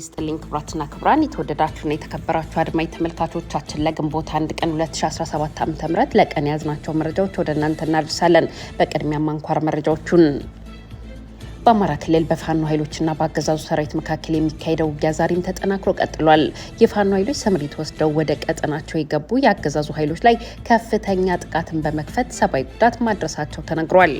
ይስጥልኝ ክብራትና ክብራን የተወደዳችሁና የተከበራችሁ አድማጭ ተመልካቾቻችን ለግንቦት አንድ ቀን 2017 ዓ ም ለቀን የያዝናቸው መረጃዎች ወደ እናንተ እናደርሳለን። በቅድሚያ ማንኳር መረጃዎቹን በአማራ ክልል በፋኖ ኃይሎችና በአገዛዙ ሰራዊት መካከል የሚካሄደው ውጊያ ዛሬም ተጠናክሮ ቀጥሏል። የፋኖ ኃይሎች ስምሪት ወስደው ወደ ቀጠናቸው የገቡ የአገዛዙ ኃይሎች ላይ ከፍተኛ ጥቃትን በመክፈት ሰብአዊ ጉዳት ማድረሳቸው ተነግሯል።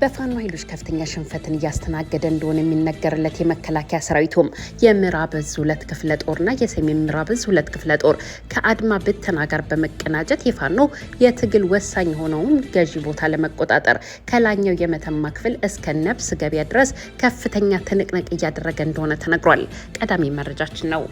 በፋኖ ኃይሎች ከፍተኛ ሽንፈትን እያስተናገደ እንደሆነ የሚነገርለት የመከላከያ ሰራዊቱም የምዕራብ ሁለት ክፍለ ጦርና የሰሜን ምዕራብ ሁለት ክፍለ ጦር ከአድማ ብተና ጋር በመቀናጀት የፋኖ የትግል ወሳኝ የሆነውን ገዢ ቦታ ለመቆጣጠር ከላይኛው የመተማ ክፍል እስከ ነብስ ገበያ ድረስ ከፍተኛ ትንቅንቅ እያደረገ እንደሆነ ተነግሯል። ቀዳሚ መረጃችን ነው።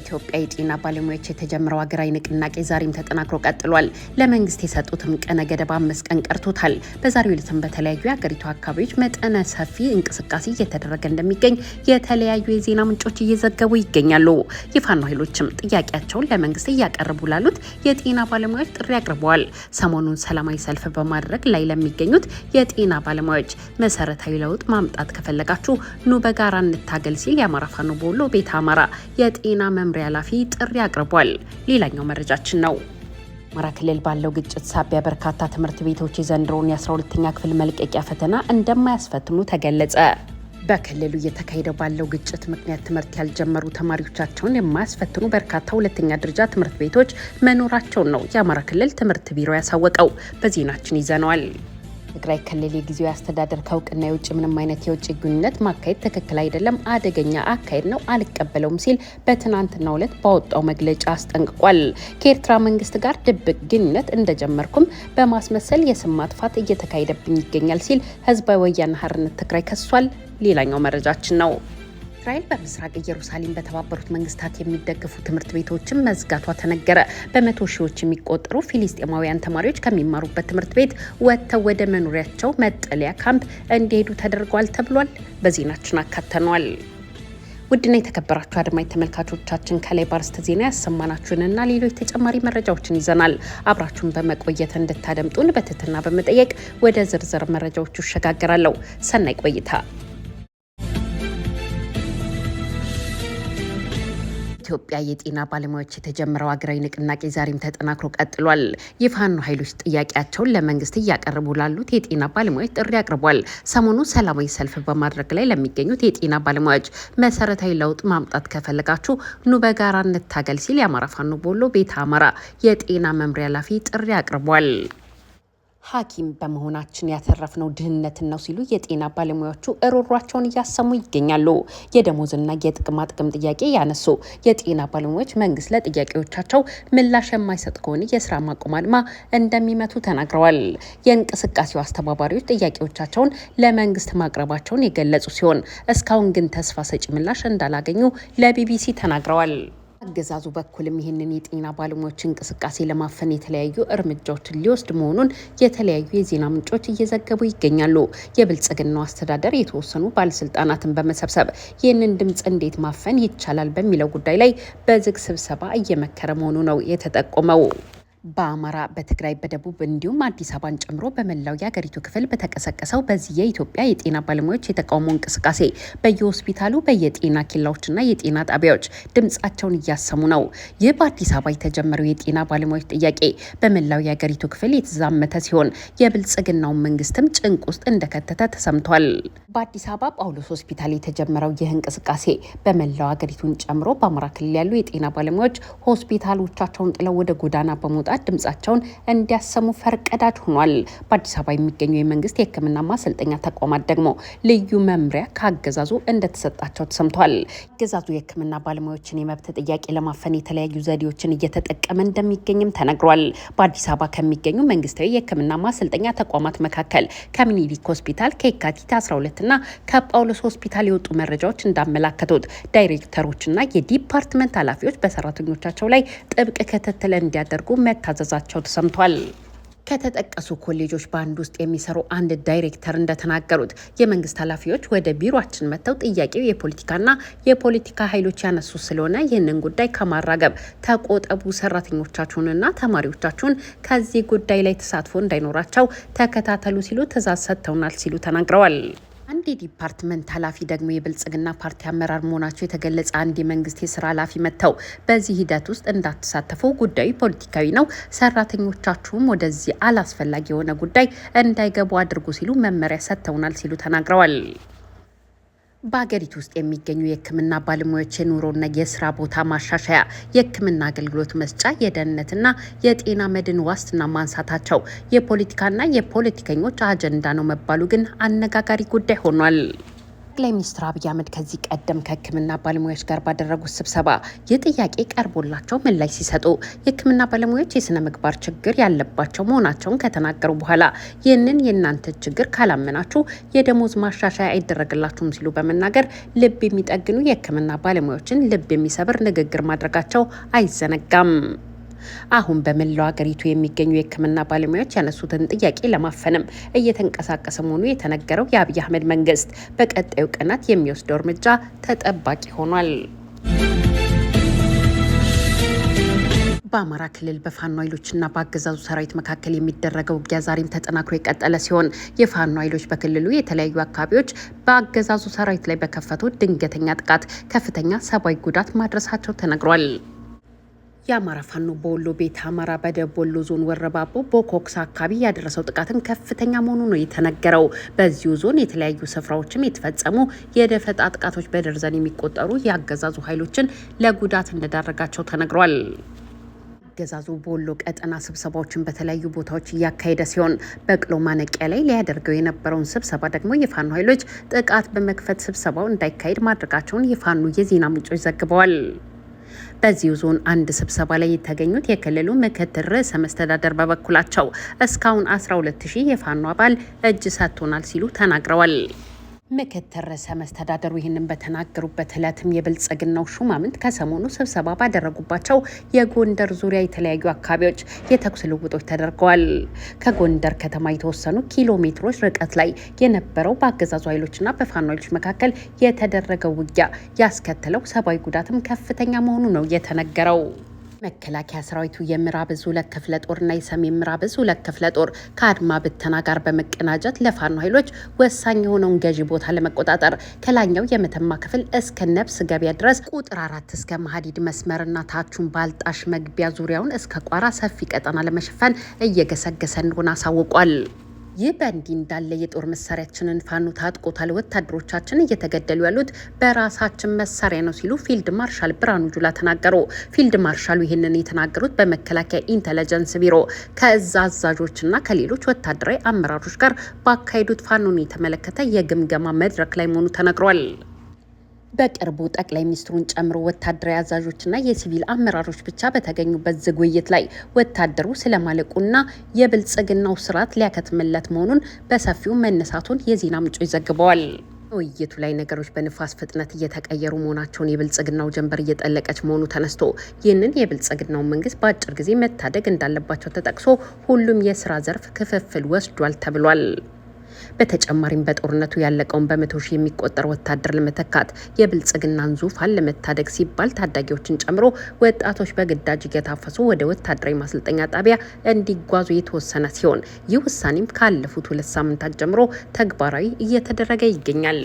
ኢትዮጵያ የጤና ባለሙያዎች የተጀመረው ሀገራዊ ንቅናቄ ዛሬም ተጠናክሮ ቀጥሏል። ለመንግስት የሰጡትም ቀነ ገደብ አምስት ቀን ቀርቶታል። በዛሬው ዕለትም በተለያዩ የሀገሪቱ አካባቢዎች መጠነ ሰፊ እንቅስቃሴ እየተደረገ እንደሚገኝ የተለያዩ የዜና ምንጮች እየዘገቡ ይገኛሉ። የፋኖ ኃይሎችም ጥያቄያቸውን ለመንግስት እያቀረቡ ላሉት የጤና ባለሙያዎች ጥሪ አቅርበዋል። ሰሞኑን ሰላማዊ ሰልፍ በማድረግ ላይ ለሚገኙት የጤና ባለሙያዎች መሰረታዊ ለውጥ ማምጣት ከፈለጋችሁ ኑ በጋራ እንታገል ሲል የአማራ ፋኖ በወሎ ቤተ አማራ የጤና መምሪያ ኃላፊ ጥሪ አቅርቧል። ሌላኛው መረጃችን ነው። አማራ ክልል ባለው ግጭት ሳቢያ በርካታ ትምህርት ቤቶች የዘንድሮን የ12ኛ ክፍል መልቀቂያ ፈተና እንደማያስፈትኑ ተገለጸ። በክልሉ እየተካሄደ ባለው ግጭት ምክንያት ትምህርት ያልጀመሩ ተማሪዎቻቸውን የማያስፈትኑ በርካታ ሁለተኛ ደረጃ ትምህርት ቤቶች መኖራቸውን ነው የአማራ ክልል ትምህርት ቢሮ ያሳወቀው። በዜናችን ይዘነዋል። ትግራይ ክልል የጊዜያዊ አስተዳደር ከእውቅና የውጭ ምንም አይነት የውጭ ግንኙነት ማካሄድ ትክክል አይደለም፣ አደገኛ አካሄድ ነው፣ አልቀበለውም ሲል በትናንትናው ዕለት ባወጣው መግለጫ አስጠንቅቋል። ከኤርትራ መንግስት ጋር ድብቅ ግንኙነት እንደጀመርኩም በማስመሰል የስም ማጥፋት እየተካሄደብኝ ይገኛል ሲል ህዝባዊ ወያነ ሓርነት ትግራይ ከሷል። ሌላኛው መረጃችን ነው። እስራኤል በምስራቅ ኢየሩሳሌም በተባበሩት መንግስታት የሚደገፉ ትምህርት ቤቶችን መዝጋቷ ተነገረ። በመቶ ሺዎች የሚቆጠሩ ፊሊስጤማውያን ተማሪዎች ከሚማሩበት ትምህርት ቤት ወጥተው ወደ መኖሪያቸው መጠለያ ካምፕ እንዲሄዱ ተደርጓል ተብሏል። በዜናችን አካተኗል። ውድና የተከበራችሁ አድማጭ ተመልካቾቻችን ከላይ ባርስተ ዜና ያሰማናችሁንና ሌሎች ተጨማሪ መረጃዎችን ይዘናል። አብራችሁን በመቆየት እንድታደምጡን በትህትና በመጠየቅ ወደ ዝርዝር መረጃዎቹ ይሸጋገራለሁ። ሰናይ ቆይታ በኢትዮጵያ የጤና ባለሙያዎች የተጀመረው አገራዊ ንቅናቄ ዛሬም ተጠናክሮ ቀጥሏል። የፋኖ ኃይሎች ጥያቄያቸውን ለመንግስት እያቀረቡ ላሉት የጤና ባለሙያዎች ጥሪ አቅርቧል። ሰሞኑ ሰላማዊ ሰልፍ በማድረግ ላይ ለሚገኙት የጤና ባለሙያዎች መሰረታዊ ለውጥ ማምጣት ከፈለጋችሁ ኑ በጋራ እንታገል ሲል የአማራ ፋኖ ቦሎ ቤተ አማራ የጤና መምሪያ ኃላፊ ጥሪ አቅርቧል። ሐኪም በመሆናችን ያተረፍነው ድህነትን ነው ሲሉ የጤና ባለሙያዎቹ እሮሯቸውን እያሰሙ ይገኛሉ። የደሞዝና የጥቅማ ጥቅም ጥያቄ ያነሱ የጤና ባለሙያዎች መንግስት ለጥያቄዎቻቸው ምላሽ የማይሰጥ ከሆነ የስራ ማቆም አድማ እንደሚመቱ ተናግረዋል። የእንቅስቃሴው አስተባባሪዎች ጥያቄዎቻቸውን ለመንግስት ማቅረባቸውን የገለጹ ሲሆን እስካሁን ግን ተስፋ ሰጪ ምላሽ እንዳላገኙ ለቢቢሲ ተናግረዋል። አገዛዙ በኩልም ይህንን የጤና ባለሙያዎች እንቅስቃሴ ለማፈን የተለያዩ እርምጃዎችን ሊወስድ መሆኑን የተለያዩ የዜና ምንጮች እየዘገቡ ይገኛሉ። የብልጽግናው አስተዳደር የተወሰኑ ባለስልጣናትን በመሰብሰብ ይህንን ድምፅ እንዴት ማፈን ይቻላል በሚለው ጉዳይ ላይ በዝግ ስብሰባ እየመከረ መሆኑ ነው የተጠቆመው። በአማራ በትግራይ በደቡብ እንዲሁም አዲስ አበባን ጨምሮ በመላው የአገሪቱ ክፍል በተቀሰቀሰው በዚህ የኢትዮጵያ የጤና ባለሙያዎች የተቃውሞ እንቅስቃሴ በየሆስፒታሉ በየጤና ኬላዎችና የጤና ጣቢያዎች ድምጻቸውን እያሰሙ ነው። ይህ በአዲስ አበባ የተጀመረው የጤና ባለሙያዎች ጥያቄ በመላው የአገሪቱ ክፍል የተዛመተ ሲሆን የብልጽግናውን መንግስትም ጭንቅ ውስጥ እንደከተተ ተሰምቷል። በአዲስ አበባ ጳውሎስ ሆስፒታል የተጀመረው ይህ እንቅስቃሴ በመላው አገሪቱን ጨምሮ በአማራ ክልል ያሉ የጤና ባለሙያዎች ሆስፒታሎቻቸውን ጥለው ወደ ጎዳና በመውጣት በመውጣት ድምጻቸውን እንዲያሰሙ ፈርቀዳጅ ሆኗል። በአዲስ አበባ የሚገኙ የመንግስት የሕክምና ማሰልጠኛ ተቋማት ደግሞ ልዩ መምሪያ ከአገዛዙ እንደተሰጣቸው ተሰምቷል። አገዛዙ የሕክምና ባለሙያዎችን የመብት ጥያቄ ለማፈን የተለያዩ ዘዴዎችን እየተጠቀመ እንደሚገኝም ተነግሯል። በአዲስ አበባ ከሚገኙ መንግስታዊ የሕክምና ማሰልጠኛ ተቋማት መካከል ከሚኒሊክ ሆስፒታል ከየካቲት 12 እና ከጳውሎስ ሆስፒታል የወጡ መረጃዎች እንዳመላከቱት ዳይሬክተሮችና የዲፓርትመንት ኃላፊዎች በሰራተኞቻቸው ላይ ጥብቅ ክትትል እንዲያደርጉ መታዘዛቸው ተሰምቷል። ከተጠቀሱ ኮሌጆች በአንድ ውስጥ የሚሰሩ አንድ ዳይሬክተር እንደተናገሩት የመንግስት ኃላፊዎች ወደ ቢሮችን መጥተው ጥያቄው የፖለቲካና የፖለቲካ ኃይሎች ያነሱ ስለሆነ ይህንን ጉዳይ ከማራገብ ተቆጠቡ፣ ሰራተኞቻችሁንና ተማሪዎቻችሁን ከዚህ ጉዳይ ላይ ተሳትፎ እንዳይኖራቸው ተከታተሉ ሲሉ ትዕዛዝ ሰጥተውናል ሲሉ ተናግረዋል። አንድ የዲፓርትመንት ኃላፊ ደግሞ የብልጽግና ፓርቲ አመራር መሆናቸው የተገለጸ አንድ የመንግስት የስራ ኃላፊ መጥተው በዚህ ሂደት ውስጥ እንዳትሳተፉ፣ ጉዳዩ ፖለቲካዊ ነው፣ ሰራተኞቻችሁም ወደዚህ አላስፈላጊ የሆነ ጉዳይ እንዳይገቡ አድርጉ ሲሉ መመሪያ ሰጥተውናል ሲሉ ተናግረዋል። በሀገሪቱ ውስጥ የሚገኙ የሕክምና ባለሙያዎች የኑሮና የስራ ቦታ ማሻሻያ፣ የሕክምና አገልግሎት መስጫ፣ የደህንነትና የጤና መድን ዋስትና ማንሳታቸው የፖለቲካና የፖለቲከኞች አጀንዳ ነው መባሉ ግን አነጋጋሪ ጉዳይ ሆኗል። ጠቅላይ ሚኒስትር አብይ አህመድ ከዚህ ቀደም ከህክምና ባለሙያዎች ጋር ባደረጉት ስብሰባ የጥያቄ ቀርቦላቸው ምላሽ ሲሰጡ የህክምና ባለሙያዎች የስነ ምግባር ችግር ያለባቸው መሆናቸውን ከተናገሩ በኋላ ይህንን የእናንተ ችግር ካላመናችሁ የደሞዝ ማሻሻያ አይደረግላችሁም ሲሉ በመናገር ልብ የሚጠግኑ የህክምና ባለሙያዎችን ልብ የሚሰብር ንግግር ማድረጋቸው አይዘነጋም። አሁን በመላው ሀገሪቱ የሚገኙ የህክምና ባለሙያዎች ያነሱትን ጥያቄ ለማፈንም እየተንቀሳቀሰ መሆኑ የተነገረው የአብይ አህመድ መንግስት በቀጣዩ ቀናት የሚወስደው እርምጃ ተጠባቂ ሆኗል። በአማራ ክልል በፋኖ ኃይሎችና በአገዛዙ ሰራዊት መካከል የሚደረገው ውጊያ ዛሬም ተጠናክሮ የቀጠለ ሲሆን የፋኖ ኃይሎች በክልሉ የተለያዩ አካባቢዎች በአገዛዙ ሰራዊት ላይ በከፈቱ ድንገተኛ ጥቃት ከፍተኛ ሰብአዊ ጉዳት ማድረሳቸው ተነግሯል። የአማራ ፋኖ በወሎ ቤት አማራ በደቡብ ወሎ ዞን ወረባቦ በኮክስ አካባቢ ያደረሰው ጥቃትም ከፍተኛ መሆኑ ነው የተነገረው። በዚሁ ዞን የተለያዩ ስፍራዎችም የተፈጸሙ የደፈጣ ጥቃቶች በደርዘን የሚቆጠሩ የአገዛዙ ኃይሎችን ለጉዳት እንደዳረጋቸው ተነግሯል። አገዛዙ በወሎ ቀጠና ስብሰባዎችን በተለያዩ ቦታዎች እያካሄደ ሲሆን በቅሎ ማነቂያ ላይ ሊያደርገው የነበረውን ስብሰባ ደግሞ የፋኖ ኃይሎች ጥቃት በመክፈት ስብሰባው እንዳይካሄድ ማድረጋቸውን የፋኖ የዜና ምንጮች ዘግበዋል። በዚሁ ዞን አንድ ስብሰባ ላይ የተገኙት የክልሉ ምክትል ርዕሰ መስተዳደር በበኩላቸው እስካሁን 12 ሺህ የፋኖ አባል እጅ ሰጥቶናል ሲሉ ተናግረዋል። ምክትል ርዕሰ መስተዳደሩ ይህንን በተናገሩበት ዕለትም የብልጽግናው ሹማምንት ከሰሞኑ ስብሰባ ባደረጉባቸው የጎንደር ዙሪያ የተለያዩ አካባቢዎች የተኩስ ልውጦች ተደርገዋል። ከጎንደር ከተማ የተወሰኑ ኪሎ ሜትሮች ርቀት ላይ የነበረው በአገዛዙ ኃይሎችና በፋኖ ኃይሎች መካከል የተደረገው ውጊያ ያስከተለው ሰብአዊ ጉዳትም ከፍተኛ መሆኑ ነው የተነገረው። መከላከያ ሰራዊቱ የምዕራብ ዕዝ ሁለት ክፍለ ጦርና የሰሜን ምዕራብ ዕዝ ሁለት ክፍለ ጦር ከአድማ ብተና ጋር በመቀናጀት ለፋኖ ኃይሎች ወሳኝ የሆነውን ገዢ ቦታ ለመቆጣጠር ከላይኛው የመተማ ክፍል እስከ ነብስ ገበያ ድረስ ቁጥር አራት እስከ ማህዲድ መስመርና ታቹን ባልጣሽ መግቢያ ዙሪያውን እስከ ቋራ ሰፊ ቀጠና ለመሸፈን እየገሰገሰ እንደሆነ አሳውቋል። ይህ በእንዲህ እንዳለ የጦር መሳሪያችንን ፋኖ ታጥቆታል፣ ወታደሮቻችን እየተገደሉ ያሉት በራሳችን መሳሪያ ነው ሲሉ ፊልድ ማርሻል ብርሃኑ ጁላ ተናገሩ። ፊልድ ማርሻሉ ይህንን የተናገሩት በመከላከያ ኢንተለጀንስ ቢሮ ከእዛ አዛዦችና ከሌሎች ወታደራዊ አመራሮች ጋር ባካሄዱት ፋኖን የተመለከተ የግምገማ መድረክ ላይ መሆኑ ተነግሯል። በቅርቡ ጠቅላይ ሚኒስትሩን ጨምሮ ወታደራዊ አዛዦችና የሲቪል አመራሮች ብቻ በተገኙበት ዝግ ውይይት ላይ ወታደሩ ስለማለቁና የብልጽግናው ስርዓት ሊያከትምለት መሆኑን በሰፊው መነሳቱን የዜና ምንጮች ዘግበዋል። ውይይቱ ላይ ነገሮች በንፋስ ፍጥነት እየተቀየሩ መሆናቸውን የብልጽግናው ጀንበር እየጠለቀች መሆኑ ተነስቶ ይህንን የብልጽግናው መንግስት በአጭር ጊዜ መታደግ እንዳለባቸው ተጠቅሶ ሁሉም የስራ ዘርፍ ክፍፍል ወስዷል ተብሏል። በተጨማሪም በጦርነቱ ያለቀውን በመቶ ሺህ የሚቆጠር ወታደር ለመተካት የብልጽግናን ዙፋን ለመታደግ ሲባል ታዳጊዎችን ጨምሮ ወጣቶች በግዳጅ እየታፈሱ ወደ ወታደራዊ ማሰልጠኛ ጣቢያ እንዲጓዙ የተወሰነ ሲሆን ይህ ውሳኔም ካለፉት ሁለት ሳምንታት ጀምሮ ተግባራዊ እየተደረገ ይገኛል።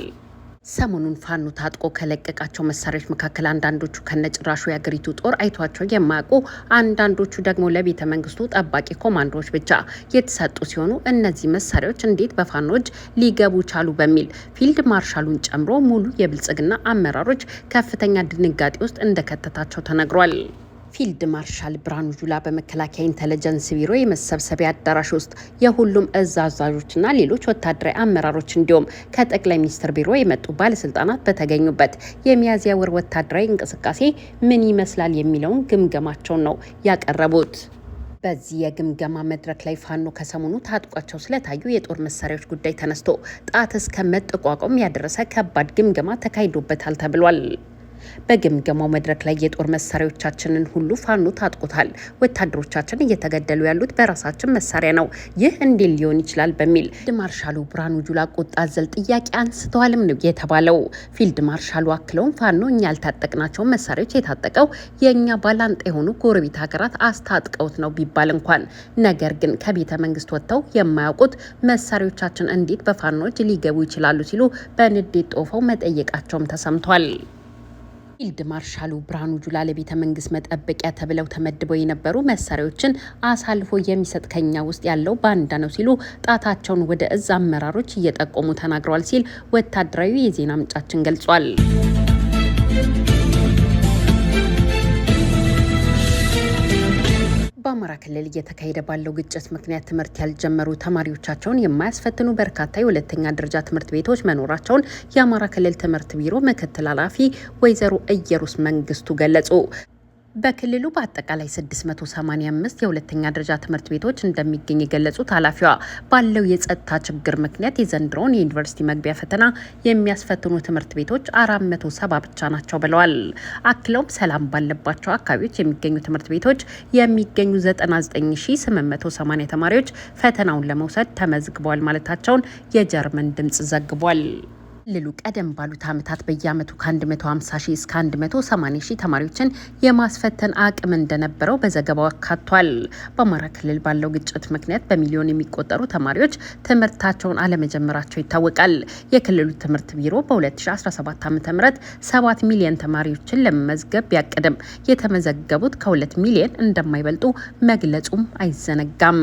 ሰሞኑን ፋኖ ታጥቆ ከለቀቃቸው መሳሪያዎች መካከል አንዳንዶቹ ከነጭራሹ የአገሪቱ ጦር አይቷቸው የማያውቁ አንዳንዶቹ ደግሞ ለቤተ መንግስቱ ጠባቂ ኮማንዶዎች ብቻ የተሰጡ ሲሆኑ እነዚህ መሳሪያዎች እንዴት በፋኖች ሊገቡ ቻሉ በሚል ፊልድ ማርሻሉን ጨምሮ ሙሉ የብልጽግና አመራሮች ከፍተኛ ድንጋጤ ውስጥ እንደከተታቸው ተነግሯል። ፊልድ ማርሻል ብርሃኑ ጁላ በመከላከያ ኢንተለጀንስ ቢሮ የመሰብሰቢያ አዳራሽ ውስጥ የሁሉም እዝ አዛዦችና ሌሎች ወታደራዊ አመራሮች እንዲሁም ከጠቅላይ ሚኒስትር ቢሮ የመጡ ባለስልጣናት በተገኙበት የሚያዝያ ወር ወታደራዊ እንቅስቃሴ ምን ይመስላል የሚለውን ግምገማቸውን ነው ያቀረቡት። በዚህ የግምገማ መድረክ ላይ ፋኖ ከሰሞኑ ታጥቋቸው ስለታዩ የጦር መሳሪያዎች ጉዳይ ተነስቶ ጣት እስከ መጠቋቋም ያደረሰ ከባድ ግምገማ ተካሂዶበታል ተብሏል። በግምገማው መድረክ ላይ የጦር መሳሪያዎቻችንን ሁሉ ፋኖ ታጥቁታል ወታደሮቻችን እየተገደሉ ያሉት በራሳችን መሳሪያ ነው፣ ይህ እንዴት ሊሆን ይችላል? በሚል ፊልድ ማርሻሉ ብርሃኑ ጁላ ቁጣ አዘል ጥያቄ አንስተዋልም ነው የተባለው። ፊልድ ማርሻሉ አክለውም ፋኖ እኛ ያልታጠቅናቸውን መሳሪያዎች የታጠቀው የእኛ ባላንጣ የሆኑ ጎረቤት ሀገራት አስታጥቀውት ነው ቢባል እንኳን ነገር ግን ከቤተ መንግስት ወጥተው የማያውቁት መሳሪያዎቻችን እንዴት በፋኖች ሊገቡ ይችላሉ ሲሉ በንዴት ጦፈው መጠየቃቸውም ተሰምቷል። ፊልድ ማርሻሉ ብርሃኑ ጁላ ለቤተ መንግስት መጠበቂያ ተብለው ተመድበው የነበሩ መሳሪያዎችን አሳልፎ የሚሰጥ ከኛ ውስጥ ያለው ባንዳ ነው ሲሉ ጣታቸውን ወደ እዝ አመራሮች እየጠቆሙ ተናግረዋል ሲል ወታደራዊ የዜና ምንጫችን ገልጿል። በአማራ ክልል እየተካሄደ ባለው ግጭት ምክንያት ትምህርት ያልጀመሩ ተማሪዎቻቸውን የማያስፈትኑ በርካታ የሁለተኛ ደረጃ ትምህርት ቤቶች መኖራቸውን የአማራ ክልል ትምህርት ቢሮ ምክትል ኃላፊ ወይዘሮ እየሩስ መንግስቱ ገለጹ። በክልሉ በአጠቃላይ 685 የሁለተኛ ደረጃ ትምህርት ቤቶች እንደሚገኝ የገለጹት ኃላፊዋ ባለው የጸጥታ ችግር ምክንያት የዘንድሮውን የዩኒቨርሲቲ መግቢያ ፈተና የሚያስፈትኑ ትምህርት ቤቶች 470 ብቻ ናቸው ብለዋል። አክለውም ሰላም ባለባቸው አካባቢዎች የሚገኙ ትምህርት ቤቶች የሚገኙ 99880 ተማሪዎች ፈተናውን ለመውሰድ ተመዝግበዋል ማለታቸውን የጀርመን ድምጽ ዘግቧል። ክልሉ ቀደም ባሉት ዓመታት በየዓመቱ ከ150 ሺህ እስከ 180 ሺህ ተማሪዎችን የማስፈተን አቅም እንደነበረው በዘገባው አካቷል። በአማራ ክልል ባለው ግጭት ምክንያት በሚሊዮን የሚቆጠሩ ተማሪዎች ትምህርታቸውን አለመጀመራቸው ይታወቃል። የክልሉ ትምህርት ቢሮ በ2017 ዓ ም 7 ሚሊዮን ተማሪዎችን ለመመዝገብ ቢያቅድም የተመዘገቡት ከ2 ሚሊዮን እንደማይበልጡ መግለጹም አይዘነጋም።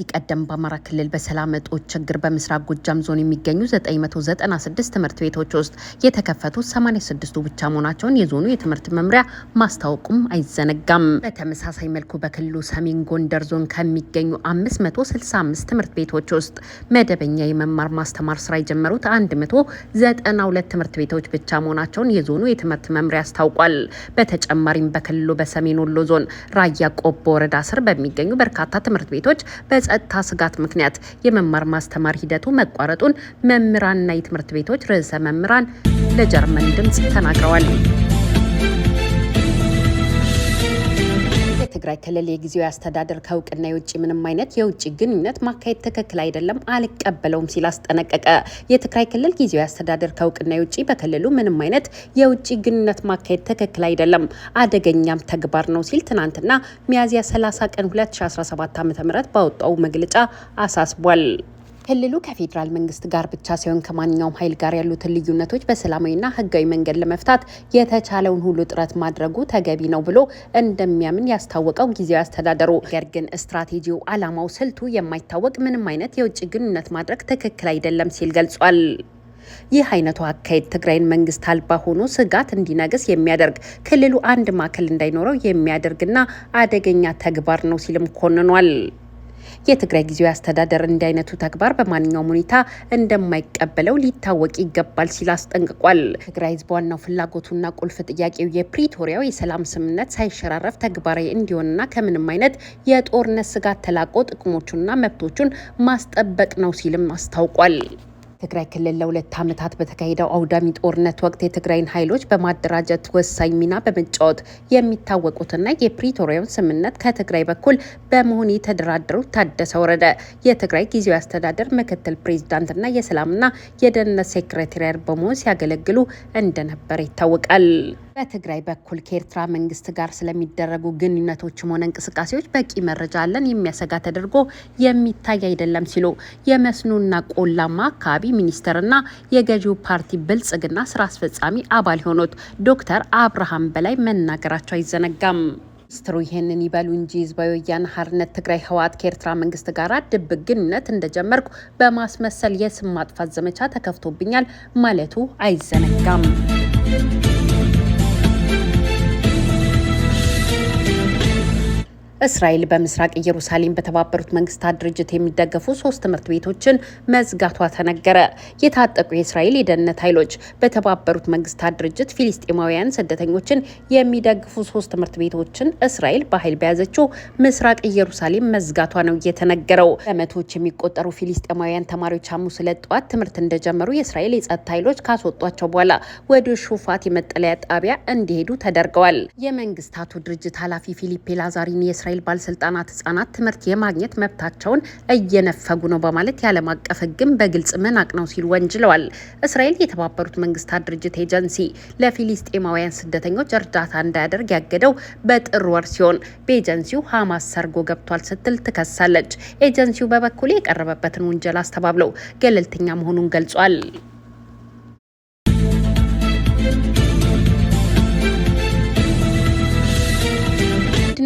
ከዚህ ቀደም በአማራ ክልል በሰላም እጦት ችግር በምስራቅ ጎጃም ዞን የሚገኙ 996 ትምህርት ቤቶች ውስጥ የተከፈቱ 86ቱ ብቻ መሆናቸውን የዞኑ የትምህርት መምሪያ ማስታወቁም አይዘነጋም። በተመሳሳይ መልኩ በክልሉ ሰሜን ጎንደር ዞን ከሚገኙ 565 ትምህርት ቤቶች ውስጥ መደበኛ የመማር ማስተማር ስራ የጀመሩት 192 ትምህርት ቤቶች ብቻ መሆናቸውን የዞኑ የትምህርት መምሪያ አስታውቋል። በተጨማሪም በክልሉ በሰሜን ወሎ ዞን ራያ ቆቦ ወረዳ ስር በሚገኙ በርካታ ትምህርት ቤቶች በ በጸጥታ ስጋት ምክንያት የመማር ማስተማር ሂደቱ መቋረጡን መምህራንና የትምህርት ቤቶች ርዕሰ መምህራን ለጀርመን ድምፅ ተናግረዋል። የትግራይ ክልል የጊዜያዊ አስተዳደር ከእውቅና የውጭ ምንም አይነት የውጭ ግንኙነት ማካሄድ ትክክል አይደለም፣ አልቀበለውም ሲል አስጠነቀቀ። የትግራይ ክልል ጊዜያዊ አስተዳደር ከእውቅና የውጭ በክልሉ ምንም አይነት የውጭ ግንኙነት ማካሄድ ትክክል አይደለም፣ አደገኛም ተግባር ነው ሲል ትናንትና ሚያዝያ 30 ቀን 2017 ዓ ም ባወጣው መግለጫ አሳስቧል። ክልሉ ከፌዴራል መንግስት ጋር ብቻ ሳይሆን ከማንኛውም ኃይል ጋር ያሉትን ልዩነቶች በሰላማዊና ህጋዊ መንገድ ለመፍታት የተቻለውን ሁሉ ጥረት ማድረጉ ተገቢ ነው ብሎ እንደሚያምን ያስታወቀው ጊዜያዊ አስተዳደሩ፣ ነገር ግን ስትራቴጂው፣ አላማው፣ ስልቱ የማይታወቅ ምንም አይነት የውጭ ግንኙነት ማድረግ ትክክል አይደለም ሲል ገልጿል። ይህ አይነቱ አካሄድ ትግራይን መንግስት አልባ ሆኖ ስጋት እንዲነግስ የሚያደርግ ክልሉ አንድ ማዕከል እንዳይኖረው የሚያደርግና አደገኛ ተግባር ነው ሲልም ኮንኗል። የትግራይ ጊዜያዊ አስተዳደር እንዲህ አይነቱ ተግባር በማንኛውም ሁኔታ እንደማይቀበለው ሊታወቅ ይገባል ሲል አስጠንቅቋል። ትግራይ ህዝብ ዋናው ፍላጎቱና ቁልፍ ጥያቄው የፕሪቶሪያው የሰላም ስምምነት ሳይሸራረፍ ተግባራዊ እንዲሆንና ከምንም አይነት የጦርነት ስጋት ተላቆ ጥቅሞቹና መብቶቹን ማስጠበቅ ነው ሲልም አስታውቋል። ትግራይ ክልል ለሁለት ዓመታት በተካሄደው አውዳሚ ጦርነት ወቅት የትግራይን ኃይሎች በማደራጀት ወሳኝ ሚና በመጫወት የሚታወቁትና የፕሪቶሪያውን ስምምነት ከትግራይ በኩል በመሆን የተደራደሩት ታደሰ ወረደ የትግራይ ጊዜያዊ አስተዳደር ምክትል ፕሬዚዳንትና የሰላምና የደህንነት ሴክሬታሪያት በመሆን ሲያገለግሉ እንደነበር ይታወቃል። በትግራይ በኩል ከኤርትራ መንግስት ጋር ስለሚደረጉ ግንኙነቶችም ሆነ እንቅስቃሴዎች በቂ መረጃ አለን፣ የሚያሰጋ ተደርጎ የሚታይ አይደለም ሲሉ የመስኖና ቆላማ አካባቢ ሚኒስትርና የገዢው ፓርቲ ብልጽግና ስራ አስፈጻሚ አባል የሆኑት ዶክተር አብርሃም በላይ መናገራቸው አይዘነጋም። ሚኒስትሩ ይህንን ይበሉ እንጂ ህዝባዊ ወያነ ሓርነት ትግራይ ህወሓት ከኤርትራ መንግስት ጋር ድብቅ ግንኙነት እንደጀመርኩ በማስመሰል የስም ማጥፋት ዘመቻ ተከፍቶብኛል ማለቱ አይዘነጋም። እስራኤል በምስራቅ ኢየሩሳሌም በተባበሩት መንግስታት ድርጅት የሚደገፉ ሶስት ትምህርት ቤቶችን መዝጋቷ ተነገረ። የታጠቁ የእስራኤል የደህንነት ኃይሎች በተባበሩት መንግስታት ድርጅት ፊሊስጤማውያን ስደተኞችን የሚደግፉ ሶስት ትምህርት ቤቶችን እስራኤል በኃይል በያዘችው ምስራቅ ኢየሩሳሌም መዝጋቷ ነው የተነገረው። በመቶዎች የሚቆጠሩ ፊሊስጤማውያን ተማሪዎች ሐሙስ ዕለት ጠዋት ትምህርት እንደጀመሩ የእስራኤል የጸጥታ ኃይሎች ካስወጧቸው በኋላ ወደ ሹፋት የመጠለያ ጣቢያ እንዲሄዱ ተደርገዋል። የመንግስታቱ ድርጅት ኃላፊ ፊሊፔ ላዛሪኒ የእስራኤል ባለስልጣናት ህጻናት ትምህርት የማግኘት መብታቸውን እየነፈጉ ነው በማለት የዓለም አቀፍ ህግን በግልጽ መናቅ ነው ሲል ወንጅለዋል። እስራኤል የተባበሩት መንግስታት ድርጅት ኤጀንሲ ለፊሊስጤማውያን ስደተኞች እርዳታ እንዳያደርግ ያገደው በጥር ወር ሲሆን በኤጀንሲው ሀማስ ሰርጎ ገብቷል ስትል ትከሳለች። ኤጀንሲው በበኩል የቀረበበትን ውንጀላ አስተባብለው ገለልተኛ መሆኑን ገልጿል።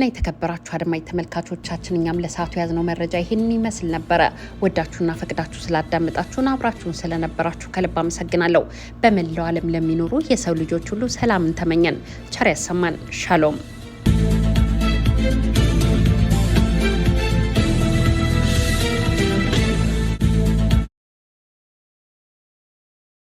ውድና የተከበራችሁ አድማጭ ተመልካቾቻችን እኛም ለሰዓቱ ያዝነው መረጃ ይህን ይመስል ነበረ። ወዳችሁና ፈቅዳችሁ ስላዳመጣችሁን አብራችሁን ስለነበራችሁ ከልብ አመሰግናለሁ። በመላው ዓለም ለሚኖሩ የሰው ልጆች ሁሉ ሰላምን ተመኘን። ቸር ያሰማን። ሻሎም